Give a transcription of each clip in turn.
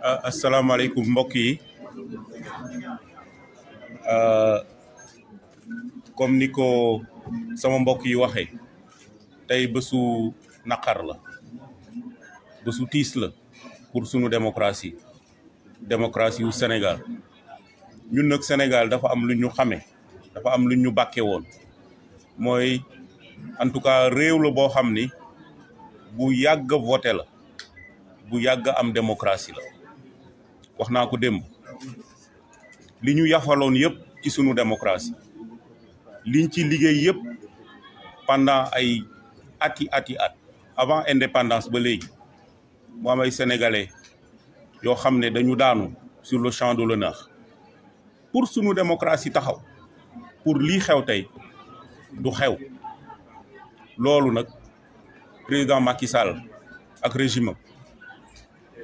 Ah, assalamualaikum Boki, mbokk ah, comme niko sama mbok yi waxe tay besu nakar la besu tis la pour sunu démocratie démocratie au Sénégal ñun nak Sénégal dafa am luñu xamé dafa am luñu ñu won moy en tout cas la bu yagg voter la bu yàgg am démocratie la wax naa ko démb li ñu yafaloon yëpp ci sunu démocratie liñ ci liggéey yëpp pendant ay ati ati at avant indépendance ba léegi mu am ay sénégalais yoo xam ne dañu daanu sur le champ de l'honneur pour sunu démocratie taxaw pour lii xew tey du xew loolu nag président Macky Sall ak régime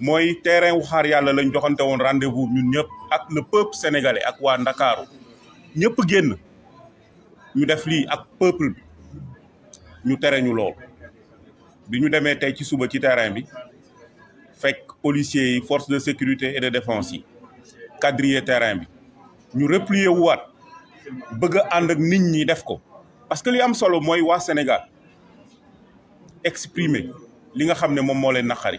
mooy terrain wu xaar yàlla lañ joxante woon rendez-vous ñun ñëpp ak le peuple sénégalais ak waa ndakaaru ñëpp génn ñu def lii ak peuple ñu tere ñu lool bi ñu demee tey ci suba ci terrain bi fekk policiers yi forces de sécurité et de défense yi quadriller terrain bi ñu replier wuwaat bëgg a ànd ak nit ñi def ko parce que li am solo mooy waa Sénégal exprimer li nga xam ne moom moo leen naqari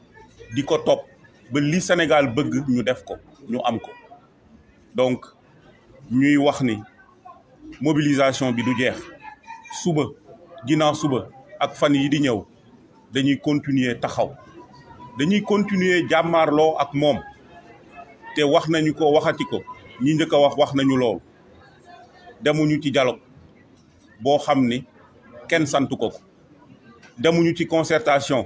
diko top, Sénégal bëgg ñu def ko ñu donc ñuy wax ni mobilisation bi du suba gina suba ak yi di ñëw dañuy continuer taxaw dañuy continuer Avec ak mom te wax nañu ko waxati ko ñi njëkk wax wax nañu concertation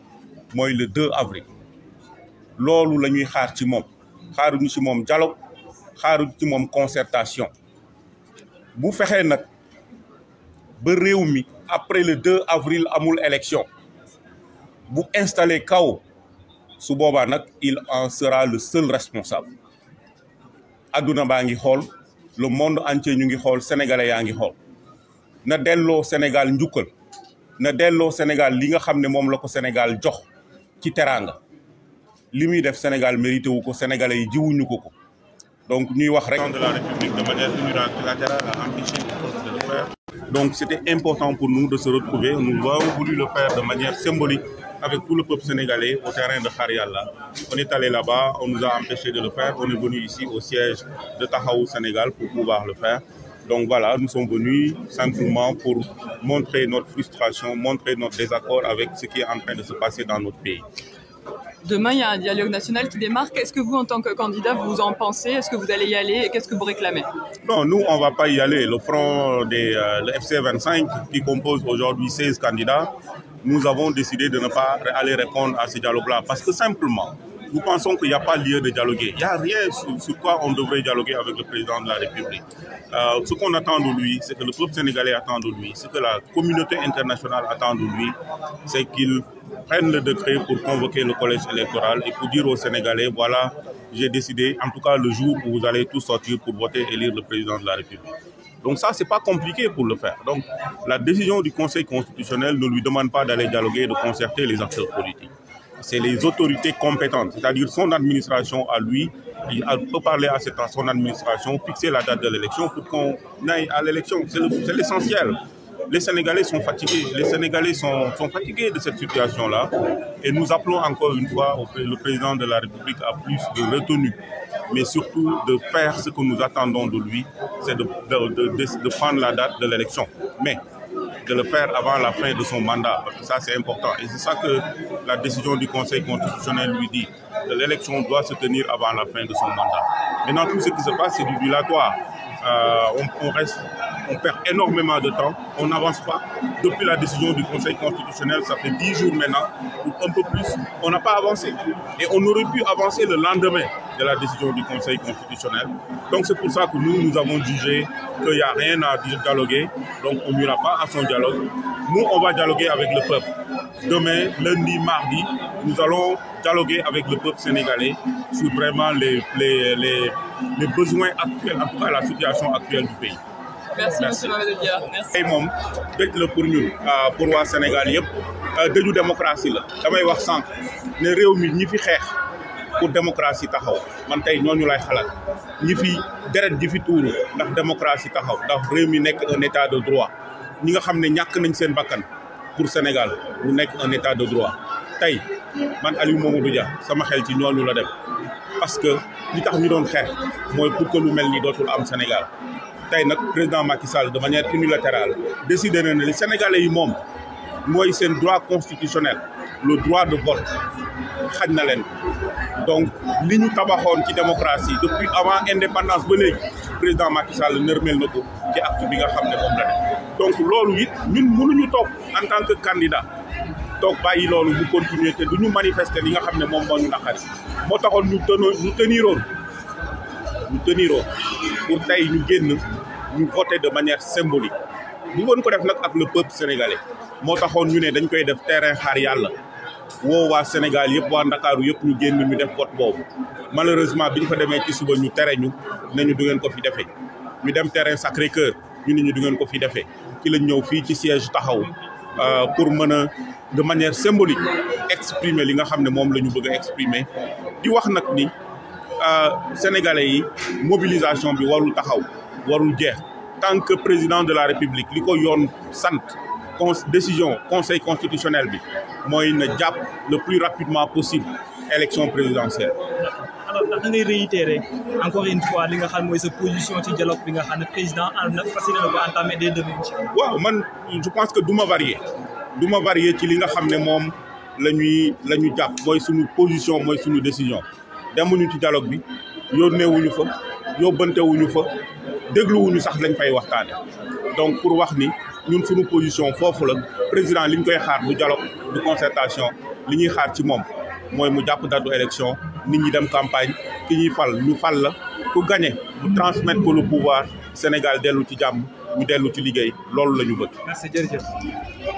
le 2 avril ce que nous xaar ci Nous xaaruñu ci dialogue concertation bu fexé nak ba après le 2 avril amul élection bu installé chaos su il en sera le seul responsable le monde entier sénégalais ngi Sénégal ñukkal na Sénégal li Sénégal ci Sénégal donc nous la République de manière a de le faire. donc c'était important pour nous de se retrouver nous avons voulu le faire de manière symbolique avec tout le peuple sénégalais au terrain de Khariala. On est allé là-bas, on nous a empêché de le faire, on est venu ici au siège de Tahaou Sénégal pour pouvoir le faire. Donc voilà, nous sommes venus simplement pour montrer notre frustration, montrer notre désaccord avec ce qui est en train de se passer dans notre pays. Demain, il y a un dialogue national qui démarre. Qu'est-ce que vous, en tant que candidat, vous en pensez Est-ce que vous allez y aller qu'est-ce que vous réclamez Non, nous, on ne va pas y aller. Le front des euh, FC25, qui compose aujourd'hui 16 candidats, nous avons décidé de ne pas aller répondre à ce dialogue-là. Parce que simplement, nous pensons qu'il n'y a pas lieu de dialoguer. Il n'y a rien sur, quoi on devrait dialoguer avec le président de la République. Euh, ce qu'on attend de lui, c'est que le peuple sénégalais attend de lui, ce que la communauté internationale attend de lui, c'est qu'il prenne le décret pour convoquer le collège électoral et pour dire aux Sénégalais, voilà, j'ai décidé, en tout cas le jour où vous allez tous sortir pour voter et élire le président de la République. Donc ça, c'est pas compliqué pour le faire. Donc la décision du Conseil constitutionnel ne lui demande pas d'aller dialoguer de concerter les acteurs politiques c'est les autorités compétentes, c'est-à-dire son administration à lui. Il peut parler à son administration, fixer la date de l'élection pour qu'on aille à l'élection. C'est l'essentiel. Les Sénégalais sont fatigués. Les Sénégalais sont, fatigués de cette situation-là. Et nous appelons encore une fois le président de la République à plus de retenue, mais surtout de faire ce que nous attendons de lui, c'est de, de prendre la date de l'élection. Mais de le faire avant la fin de son mandat. Parce que ça, c'est important. Et c'est ça que la décision du Conseil constitutionnel lui dit. L'élection doit se tenir avant la fin de son mandat. Maintenant, tout ce qui se passe, c'est du dilatoire. Euh, on, on reste on perd énormément de temps, on n'avance pas. Depuis la décision du Conseil constitutionnel, ça fait dix jours maintenant, ou un peu plus, on n'a pas avancé. Et on aurait pu avancer le lendemain de la décision du Conseil constitutionnel. Donc c'est pour ça que nous, nous avons jugé qu'il n'y a rien à dialoguer, donc on n'ira pas à son dialogue. Nous, on va dialoguer avec le peuple. Demain, lundi, mardi, nous allons dialoguer avec le peuple sénégalais sur vraiment les, les, les besoins actuels, en tout cas la situation actuelle du pays. merci monsieur Mamadou Dia merci tey moom dëj la pour ñun euh, pour waa Sénégal yëpp euh, dëju démocratie la damay wax sànq ne réew mi ñi fi xeex pour démocratie taxaw man tey ñooñu lay xalaat ñi fi deret ji fi tuuru ndax démocratie taxaw ndax réew mi nekk un état de droit ñi nga xam ne nañ seen bakkan pour Sénégal mu nekk un état de droit tey man Aliou Mamadou Dia sama xel ci ñooñu la dem parce que li tax ñu doon xeex mooy pour que lu mel dootul am Sénégal tay président Macky Sall de manière unilatérale décidé na les sénégalais yi mom moy un droit constitutionnel le droit de vote xañ donc liñu tabaxone ci démocratie depuis avant indépendance ba président Macky Sall nërmeel na qui ci acte bi nga xamné ne la def donc lolu ñun mënuñu en tant que candidat tok bayyi lolu bu continuer té nous manifester li nga xamné mom moom moo ñu naqari nous taxoon ñu ñu pour que ñu génn mu voté de manière symbolique bëggoon ko def nak ak le peuple sénégalais mo taxone ñu né dañ koy def terrain xaar yalla wo wa Sénégal yépp wa dakar yépp ñu genn ñu def vote boobu malheureusement biñ ko démé ci suba ñu téré ñu nañu du ngeen ko fi défé ñu dem terrain Sacré Cœur ñu nit ñu du ngeen ko fi défé ki lañ ñëw fi ci siège taxaw euh pour mën de manière symbolique exprimer li nga xamné mom lañu bëgg exprimer di wax nak ni euh sénégalais yi mobilisation bi warul taxaw warul tant que président de la république Liko Yon sant décision conseil constitutionnel bi mooy na le plus rapidement possible élection présidentielle. alors je ngay réitérer encore une fois li nga xam sa position ci dialogue bi nga xam président ànd na fas entamer dès demain. waaw man je pense que Douma varier Douma varier ci li nga xam ne moom la ñuy la ñu jàpp mooy suñu position mooy suñu décision demuñu ci dialogue bi yónneewuñu fa yóbbantewuñu fa. dégluwuñu sax lañ fay waxtaane donc pour wax ni ñun suñu position foofu la président li ñu koy xaar du dialogue du concertation li ñuy xaar ci moom mooy mu jàpp datu élection ni ñi dem campagne ki ñuy fal ñu fal la ku gagné mu transmettre ko le pouvoir Sénégal dellu ci jàmm ñu dellu ci liggéey loolu la ñu bëgg.